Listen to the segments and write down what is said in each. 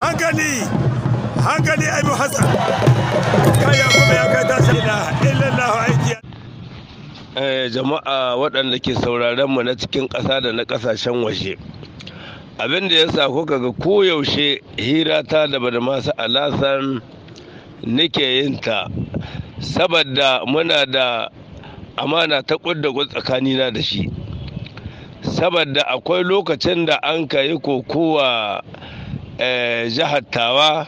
hankali hankali abu hassan kaya kuma ya kai tashi na illallahu aiki eh, jama'a waɗanda ke sauraron mu na cikin ƙasa da na ƙasashen waje abin da ya sa kuka ga koyaushe hira ta da bada masu alasan nake yin ta saboda muna da amana ta kudda tsakanina da shi saboda akwai lokacin da an ka yi kokowa Eh, jihar tawa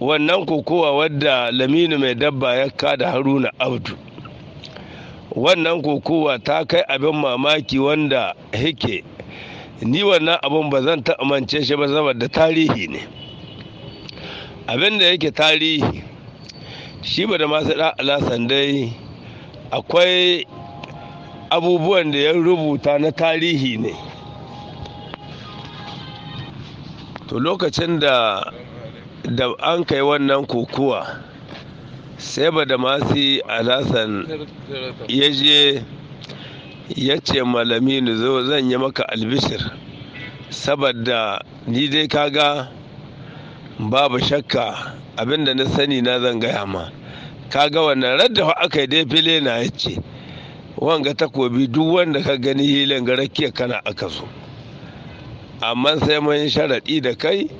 wannan kokowa wadda laminu mai dabba ya kada haruna abdu wannan kokowa ta kai abin mamaki wanda hike ni wannan abin ba zan amince shi ba da tarihi ne abin da yake tarihi shi ba da masu alasan dai akwai abubuwan da ya rubuta na tarihi ne to lokacin da da an kai wannan kokuwa sai ba da masu alasan ya je ya ce malami ni zan yi maka albishir saboda ni dai kaga babu shakka abinda na sani na zan gaya ma kaga wannan radda aka yi dai fili na ya ce wanga takobi duk wanda ka gani hilin ga kana aka zo amma sai mun sharaɗi da kai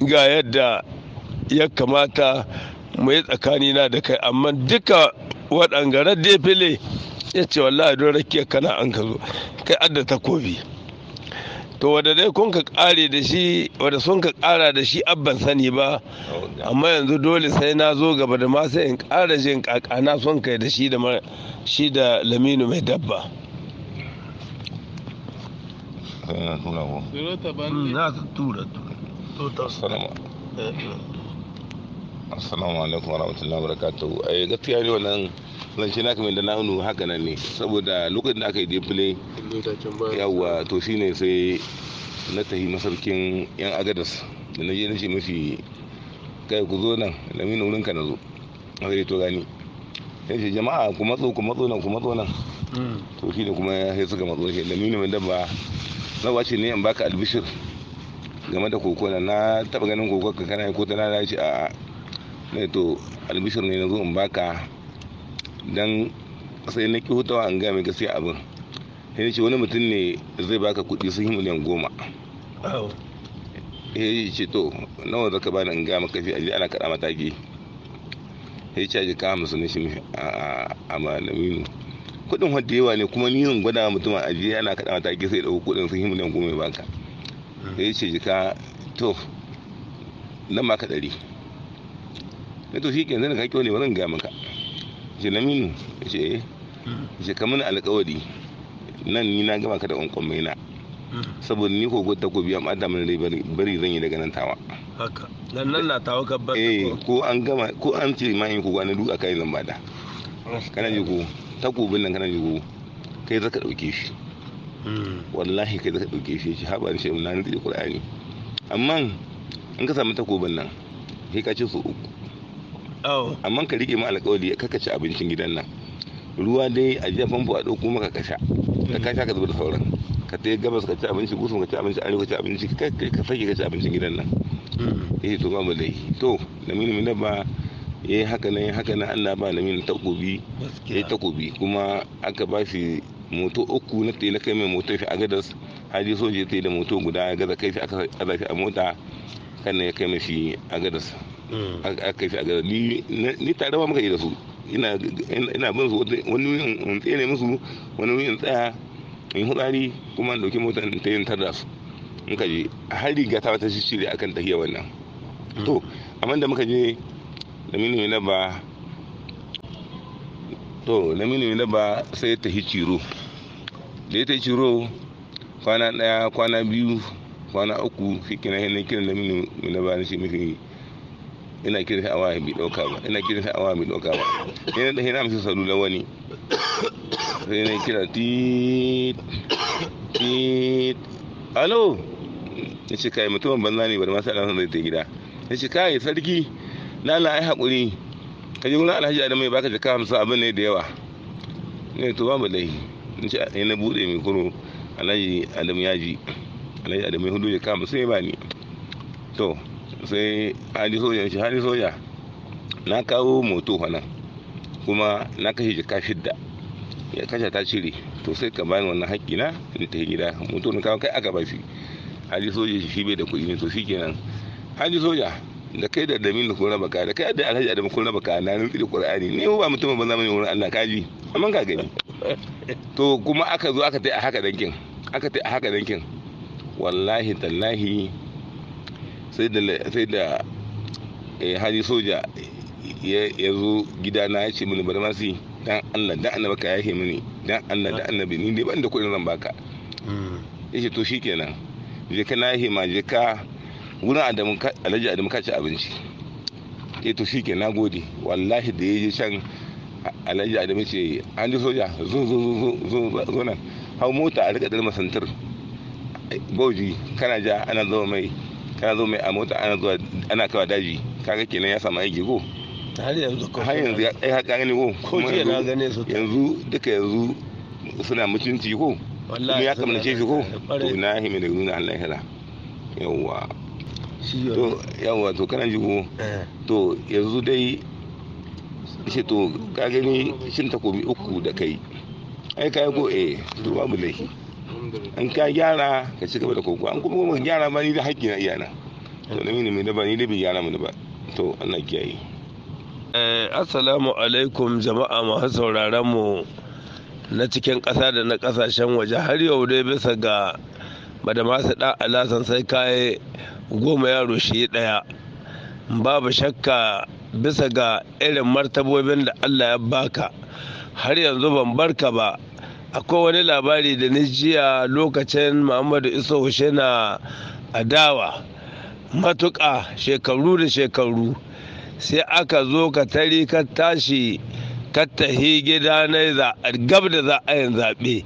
ga yadda ya kamata mu yi tsakanina da kai amma duka waɗangare defile ya ce wallahi don rakiya kana an ka zo kai adda takobi to wadda dai kun ka kare da shi wadda sun ka ƙara da shi abban sani ba amma yanzu dole sai na zo gaba da ma sai in ƙara jin kakana sun kai da shi da laminu mai dabba sai na tura ko za ka tura tura salama assalamu alaikum warahmatullahi wabarakatuh eh gaskiya ne wannan zance na kamar da na unu haka nan ne saboda lokacin da aka yi display yawa to shine sai na tafi masarkin yan agadas da na je na ce mafi kai ku zo nan da mini wurinka na zo a zai to gani ya ce jama'a ku matso ku matso nan ku matso nan to shi ne kuma ya suka matso shi lamini mai dabba na wace ne in baka albishir game da koko na taba ganin koko ka kana ko ta lalace a ne to albishir ne na zo in baka dan sai na ki hutawa an ga mai gaskiya abin sai ce wani mutum ne zai baka kuɗi sun yi miliyan goma ya ce to nawa za ka bani in ga maka fi aji ana kaɗa mataki ya ce ka hamsin ne shi a malaminu Kudin wadda yawa ne kuma ni zan gwada mutum a ajiye ana kaɗa mata ake sai ɗauko kudin sun yi miliyan goma banka hmm. yi ce jika to nan ma ka ɗari na to shi ke zan kake wani barin gaya maka ce na minu ya ce eh hmm. ce kamar alkawari alƙawari nan ni na gama ka da ƙwanƙwan na hmm. saboda ni ko ta ko biyan mata mana rai bari zan yi daga nan tawa haka nan nan na tawa ka bar eh, ko an gama ko an ce ma in ko gwanin duka kai zan bada ah. kana ji ko takobin nan kana yugo kai zaka dauke shi hmm. wallahi kai zaka dauke shi shi haba ni shi na nan da qur'ani amma in ka samu takobin nan sai ka ci su uku oh. amma ka rike ma alƙawari ka ci abincin gidan nan ruwa dai a jiya famfo a ɗauko maka kasha ka kasha ka zuba da sauran ka ta gabas ka ci abinci gusu ka ci abinci arewa ci abinci ka sake ka ci abincin gidan nan hmm. eh to ba mu dai to da mini da ba ya eh, haka nan haka nan Allah ba lamin takobi ya takobi kuma aka ba shi moto uku na na kai mai moto shi a gadas haji soja ta da moto guda ya gaza kai shi aka aza shi a mota kan ya kai mai shi a gadas hmm. aka kai shi a gadas ni tare ba muka yi da su ina bin su wani tsaye ne musu wani in tsaya in hudari kuma an dauki motar ta yin tarda su muka je har riga ta wata shi shirya akan tafiya wannan hmm. to amma da muka je laminu yana ba to lamini yana ba sai ta hiciro ciro da ta hiciro kwana ɗaya kwana biyu kwana uku shi kina hannun kiran lamini yana ba na shi mafi ina kiran sa awa bi dauka ba ina kiran sa awa bi dauka ba ina da hina musu salula wani sai na kira ti ti alo ce kai mutumin banza ne bari ma sai Allah zai ta gida ce kai sarki Na na ai hakuri ka ji alhaji adamu ya baka jaka hamsin abin ne da yawa ne to ba dai in ce na buɗe mai kuro alhaji adamu ya ji alhaji adamu ya hudu jaka hamsin ya bani to sai hali soja shi hali soja na kawo moto nan kuma na kashe jaka shidda ya kashe ta cire to sai ka bani wannan haƙƙi na in ta gida moto na kawo kai aka ba shi hali soja shi bai da kuɗi ne to shi kenan hali soja da kai da damin da kun raba ka da kai da alhaji adamu kun raba ka na rantsi da qur'ani ni ba mutumin banza bane wurin Allah ji amma ka gani to kuma aka zo aka tai a haka dankin aka tai a haka dankin wallahi tallahi sai da sai da eh, hali soja ya zo gidana ya ce mini bari masu dan Allah dan annabi ka yahe mini dan Allah dan annabi ni ne ban da kuɗin zan baka hmm. yace to shikenan je ka na ma je ka wurin alhaji adamu kaci abinci e to shi ke na gode wallahi da ya je can alhaji adamu ce an ji soja zo zo zo zo nan hau mota a rika dalma santar bauji kana ja ana zama mai kana zo mai a mota ana zuwa ana kawa daji kaga kenan ya samu aiki ko har yanzu yanzu ya kai haka ne ko kuma yanzu duka yanzu suna mutunci ko kuma ya ce shi ko to na himi da nuna Allah ya hira to yawa to kana jigo eh. to yanzu dai shi to ka gani shin takobi uku da kai ai ka ko eh to babu laifi an ka gyara ka ci gaba da koko an kuma ka gyara ba ni da haƙƙi na iyana to eh. na mini mai da ba ni da bi gyara mu ba to Allah kiyaye eh, assalamu alaikum jama'a masu sauraron mu na cikin ƙasa da na ƙasashen waje har yau dai bisa ga badamasa da alasan sai kaye goma yaro shi ɗaya babu shakka bisa ga irin martabobin da allah ya baka har yanzu ban barka ba akwai wani labari da ni jiya lokacin muhammadu iso na adawa matuƙa shekaru da shekaru sai aka zo ka tari ka tashi ka tahi gida na gab da za a yin zaɓe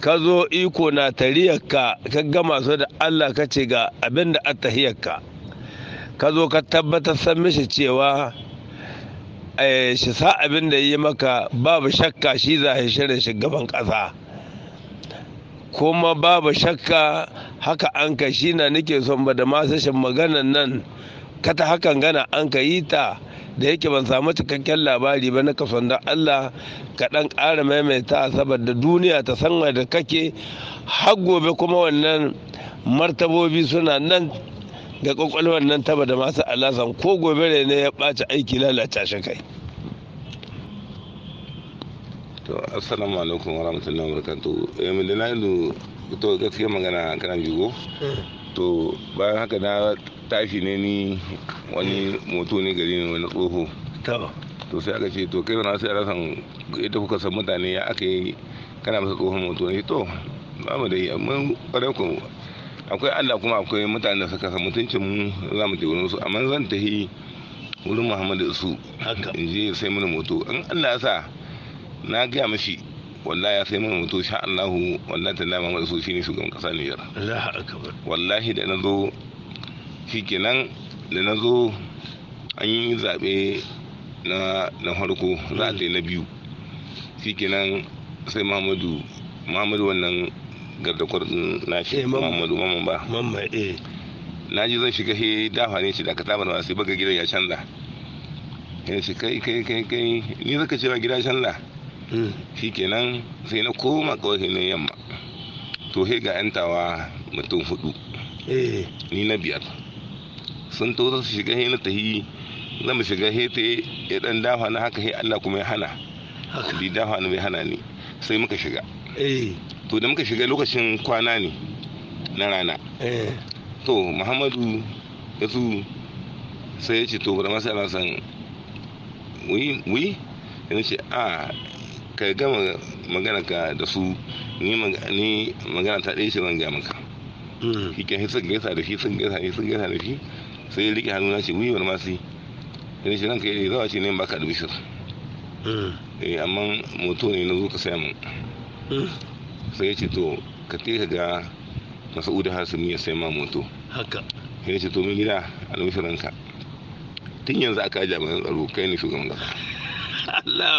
ka zo iko na tariyarka ka gama su da Allah ka ce ga abin da a tahiyarka ka zo ka tabbatar san mishi cewa eh, shi sa abin da yi maka babu shakka shi za a shirin gaban ƙasa kuma babu shakka haka an ka shi na nake son ba da masashin maganan nan kata hakan gana an ka yi ta da yake ban samu cikakken labari ba na kafin da Allah ka dan ƙara maimaita saboda duniya ta san da kake har gobe kuma wannan martabobi suna nan ga kwakwalwar nan taba da masu alasan ko gobe ne ya ɓaci aiki lalata shi kai to assalamu alaikum wa rahmatullahi wa barakatu eh mun dalilu to gaskiya magana kana jigo hmm. to bayan haka na tashi ne ni wani moto ne gari ne wani tsoho to sai aka ce to kai wani sai rasan ita kuka san mutane ya aka yi kana masa tsohon moto ne to ba mu da yi amma kwarai ku akwai allah kuma akwai mutane da suka san mutuncin mu za mu je su amma zan tafi wurin muhammadu su in je sai mini moto in allah ya sa na gaya mashi wallahi ya sai mini moto sha allahu wallahi ta lamar mana su shine shugaban kasa nijar wallahi da na zo shikenan da na zo an yi zaɓe na harko za a na biyu shikenan sai muhammadu mamadu wannan gardakwar na shi eh, muhammadu mamman ba eh. na ji zan shiga he dafa ne shi da aka tabar sai baga gidan ya canza ya ce kai kai kai kai ni zaka cewa gida canza hmm. shi sai na koma kawai na yamma to he ga yantawa mutum hudu eh. ni na biyar sun to su shiga he na yi na mu shiga he ta ya dan dafa na haka he Allah kuma ya hana bi dafa na mai hana ni sai muka shiga eh. to da muka shiga lokacin kwana ne na rana eh. to muhammadu ya su sai ya ce to bari masa ana san wi wi ya ce a ka gama magana ka da su ni magana ta ɗaya shi zan gaya maka hmm. shi ke sun gaisa da shi sun gaisa da shi sun gaisa da shi sai ya riƙe hannuna shi gwiwar masu yi shi ranka yi zawa shi ne baka bishir hmm. eh amma moto ne na zo ka saya min hmm. sai ya ce to ka te ka ga masa'udu hasumi ya sai ma moto haka sai ya ce to mai gida a albishir ranka tun yanzu aka na tsaro kai ne shugaban kasa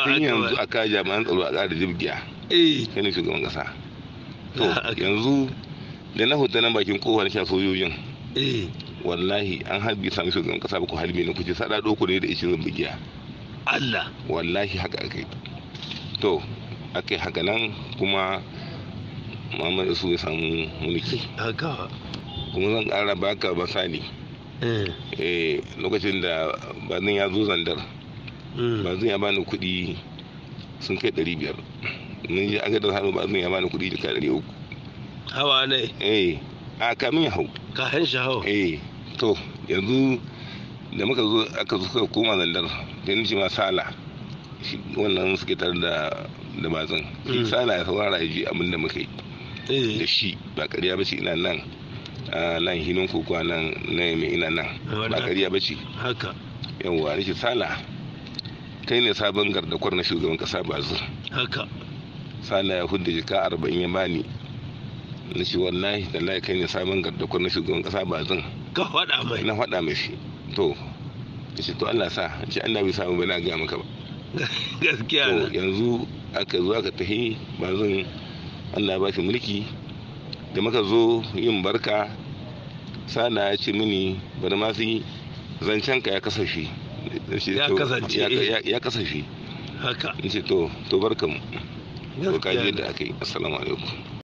tun yanzu aka na tsaro a ƙara jibgiya eh. kai ne shugaban kasa to yanzu da na hoto nan bakin kowa na sha sojojin eh. wallahi an harbi sami shugaban kasa ba ku harbi ne kuce sada ku ne da ishirin bugiya Allah wallahi haka akai to akai haka nan kuma mamar su ya samu mulki haka kuma zan kara baka basani eh. eh lokacin da bazin ya zo zandar mm. bazin ya bani kuɗi sun kai ɗari biyar ni ji agadar hannu bazin ya bani kuɗi da ɗari uku hawa ne eh a kamin hau Ka hanshi hau eh to yanzu da muka zo aka zo suka koma zandar da yanci ma sala wannan suke tare da da bazan hmm. sala ya saurara ya ji abin da muka yi eh. da shi ba kariya ba ce ina nan nan hinin kokowa nan na mai ina nan ba kariya ba ce haka yawwa nake sala kai ne sabon gardakwar na shugaban kasa zu haka sala ya hudu jika arba'in ya bani na ce wallahi da kai ne sabon gardakwar na shugaban kasa ba zan. ka faɗa mai na faɗa mai shi to ce to Allah sa ce Allah bai samu bana na ga maka ba gaskiya To yanzu aka zo aka tahi bazan Allah ba shi mulki da maka zo yin barka sana ya ce mini bari ma su zancen ka ya kasashe ya ya kasashe haka ce to to barkamu to kaje da aka yi assalamu alaikum